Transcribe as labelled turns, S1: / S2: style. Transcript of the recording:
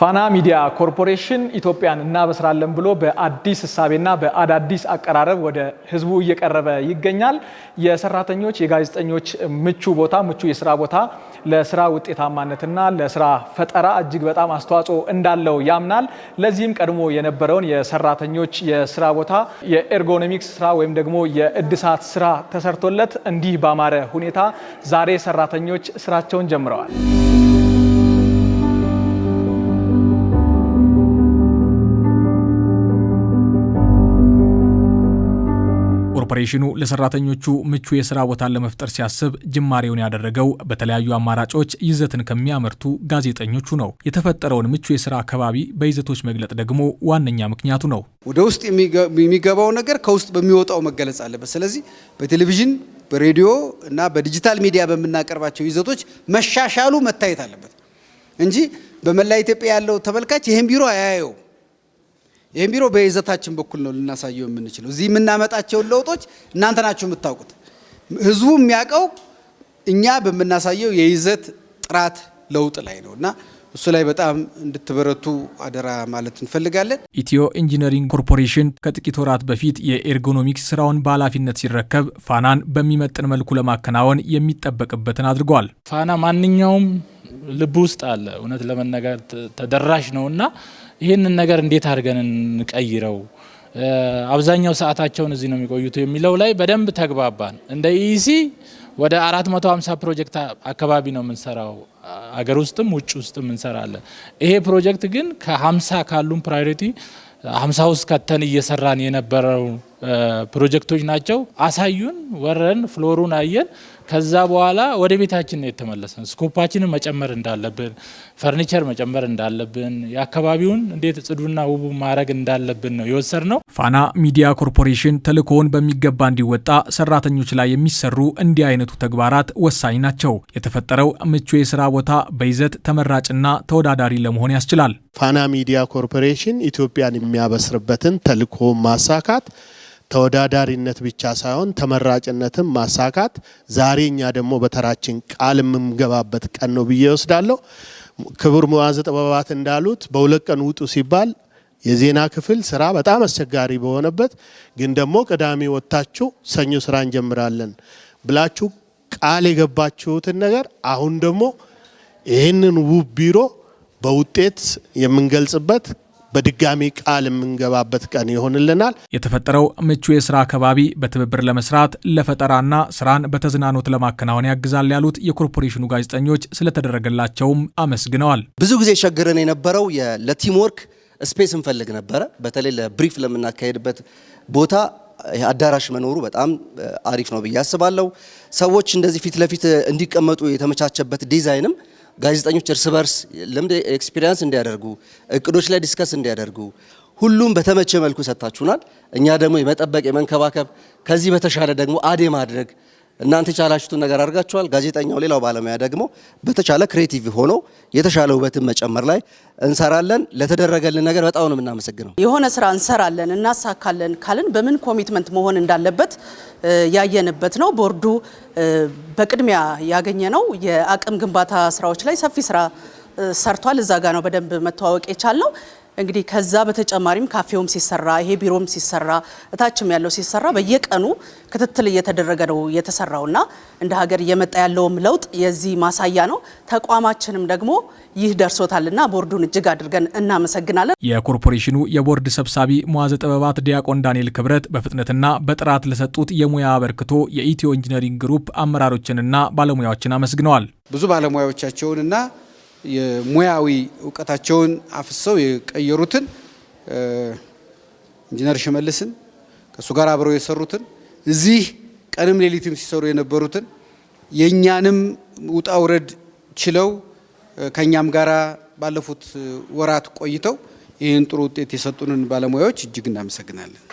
S1: ፋና ሚዲያ ኮርፖሬሽን ኢትዮጵያን እናበስራለን ብሎ በአዲስ እሳቤና በአዳዲስ አቀራረብ ወደ ህዝቡ እየቀረበ ይገኛል። የሰራተኞች የጋዜጠኞች ምቹ ቦታ ምቹ የስራ ቦታ ለስራ ውጤታማነትና ለስራ ፈጠራ እጅግ በጣም አስተዋጽኦ እንዳለው ያምናል። ለዚህም ቀድሞ የነበረውን የሰራተኞች የስራ ቦታ የኤርጎኖሚክስ ስራ ወይም ደግሞ የእድሳት ስራ ተሰርቶለት እንዲህ ባማረ ሁኔታ ዛሬ ሰራተኞች ስራቸውን ጀምረዋል። ኮርፖሬሽኑ ለሰራተኞቹ ምቹ የስራ ቦታን ለመፍጠር ሲያስብ ጅማሬውን ያደረገው በተለያዩ አማራጮች ይዘትን ከሚያመርቱ ጋዜጠኞቹ ነው። የተፈጠረውን ምቹ የስራ አካባቢ በይዘቶች መግለጥ ደግሞ ዋነኛ ምክንያቱ ነው።
S2: ወደ ውስጥ የሚገባው ነገር ከውስጥ በሚወጣው መገለጽ አለበት። ስለዚህ በቴሌቪዥን በሬዲዮ እና በዲጂታል ሚዲያ በምናቀርባቸው ይዘቶች መሻሻሉ መታየት አለበት እንጂ በመላ ኢትዮጵያ ያለው ተመልካች ይህን ቢሮ አያየው ይህም ቢሮ በይዘታችን በኩል ነው ልናሳየው የምንችለው። እዚህ የምናመጣቸውን ለውጦች እናንተ ናችሁ የምታውቁት። ህዝቡ የሚያውቀው እኛ በምናሳየው የይዘት ጥራት ለውጥ ላይ ነው እና እሱ ላይ በጣም እንድትበረቱ አደራ ማለት እንፈልጋለን።
S1: ኢትዮ ኢንጂነሪንግ ኮርፖሬሽን ከጥቂት ወራት በፊት የኤርጎኖሚክስ ስራውን በኃላፊነት ሲረከብ ፋናን በሚመጥን መልኩ ለማከናወን የሚጠበቅበትን አድርጓል።
S3: ፋና ማንኛውም ልብ ውስጥ አለ እውነት ለመነጋገር ተደራሽ እና ይህንን ነገር እንዴት አድርገን እንቀይረው፣ አብዛኛው ሰዓታቸውን እዚህ ነው የሚቆዩት የሚለው ላይ በደንብ ተግባባን። እንደ ኢሲ ወደ 450 ፕሮጀክት አካባቢ ነው የምንሰራው፣ አገር ውስጥም ውጭ ውስጥም እንሰራለን። ይሄ ፕሮጀክት ግን ከ50 ካሉን ፕራዮሪቲ 50 ውስጥ ከተን እየሰራን የነበረው ፕሮጀክቶች ናቸው። አሳዩን ወረን ፍሎሩን አየን። ከዛ በኋላ ወደ ቤታችን የተመለሰን ስኮፓችንን መጨመር እንዳለብን፣ ፈርኒቸር መጨመር እንዳለብን፣ የአካባቢውን እንዴት ጽዱና ውቡ ማድረግ እንዳለብን ነው የወሰድ ነው።
S1: ፋና ሚዲያ ኮርፖሬሽን ተልእኮውን በሚገባ እንዲወጣ ሰራተኞች ላይ የሚሰሩ እንዲህ አይነቱ ተግባራት ወሳኝ ናቸው። የተፈጠረው ምቹ የስራ ቦታ በይዘት ተመራጭና ተወዳዳሪ ለመሆን ያስችላል።
S4: ፋና ሚዲያ ኮርፖሬሽን ኢትዮጵያን የሚያበስርበትን ተልእኮ ማሳካት ተወዳዳሪነት ብቻ ሳይሆን ተመራጭነትን ማሳካት ዛሬ እኛ ደግሞ በተራችን ቃል የምንገባበት ቀን ነው ብዬ ወስዳለሁ። ክቡር መዋዘ ጥበባት እንዳሉት በሁለት ቀን ውጡ ሲባል የዜና ክፍል ስራ በጣም አስቸጋሪ በሆነበት ግን ደግሞ ቅዳሜ ወጥታችሁ ሰኞ ስራ እንጀምራለን ብላችሁ ቃል የገባችሁትን ነገር አሁን ደግሞ ይህንን ውብ ቢሮ በውጤት የምንገልጽበት በድጋሚ ቃል የምንገባበት ቀን ይሆንልናል።
S1: የተፈጠረው ምቹ የስራ አካባቢ በትብብር ለመስራት ለፈጠራና ስራን በተዝናኖት ለማከናወን ያግዛል ያሉት የኮርፖሬሽኑ ጋዜጠኞች ስለተደረገላቸውም አመስግነዋል።
S2: ብዙ ጊዜ ቸግረን የነበረው ለቲምወርክ ስፔስ እንፈልግ ነበረ። በተለይ ለብሪፍ ለምናካሄድበት ቦታ አዳራሽ መኖሩ በጣም አሪፍ ነው ብዬ አስባለሁ። ሰዎች እንደዚህ ፊት ለፊት እንዲቀመጡ የተመቻቸበት ዲዛይንም ጋዜጠኞች እርስ በርስ ልምድ ኤክስፒሪያንስ እንዲያደርጉ እቅዶች ላይ ዲስከስ እንዲያደርጉ ሁሉም በተመቸ መልኩ ሰጥታችሁናል። እኛ ደግሞ የመጠበቅ የመንከባከብ ከዚህ በተሻለ ደግሞ አዴ ማድረግ እናንተ የቻላችሁትን ነገር አድርጋችኋል። ጋዜጠኛው፣ ሌላው ባለሙያ ደግሞ በተቻለ ክሬቲቭ ሆኖ የተሻለ ውበትን መጨመር ላይ እንሰራለን። ለተደረገልን ነገር በጣም ነው የምናመሰግነው።
S5: የሆነ ስራ እንሰራለን እናሳካለን ካልን በምን ኮሚትመንት መሆን እንዳለበት ያየንበት ነው። ቦርዱ በቅድሚያ ያገኘ ነው የአቅም ግንባታ ስራዎች ላይ ሰፊ ስራ ሰርቷል። እዛ ጋ ነው በደንብ መተዋወቅ የቻልነው። እንግዲህ ከዛ በተጨማሪም ካፌውም ሲሰራ ይሄ ቢሮም ሲሰራ እታችም ያለው ሲሰራ በየቀኑ ክትትል እየተደረገ ነው የተሰራው እና እንደ ሀገር እየመጣ ያለውም ለውጥ የዚህ ማሳያ ነው። ተቋማችንም ደግሞ ይህ ደርሶታልና ቦርዱን እጅግ አድርገን እናመሰግናለን።
S1: የኮርፖሬሽኑ የቦርድ ሰብሳቢ መዋዘ ጥበባት ዲያቆን ዳንኤል ክብረት በፍጥነትና በጥራት ለሰጡት የሙያ አበርክቶ የኢትዮ ኢንጂነሪንግ ግሩፕ አመራሮችንና ባለሙያዎችን አመስግነዋል።
S2: ብዙ ባለሙያዎቻቸውንና የሙያዊ እውቀታቸውን አፍሰው የቀየሩትን ኢንጂነር ሽመልስን ከእሱ ጋር አብረው የሰሩትን እዚህ ቀንም ሌሊትም ሲሰሩ የነበሩትን የእኛንም ውጣ ውረድ ችለው ከእኛም ጋር ባለፉት ወራት ቆይተው ይህን ጥሩ ውጤት የሰጡንን ባለሙያዎች እጅግ እናመሰግናለን።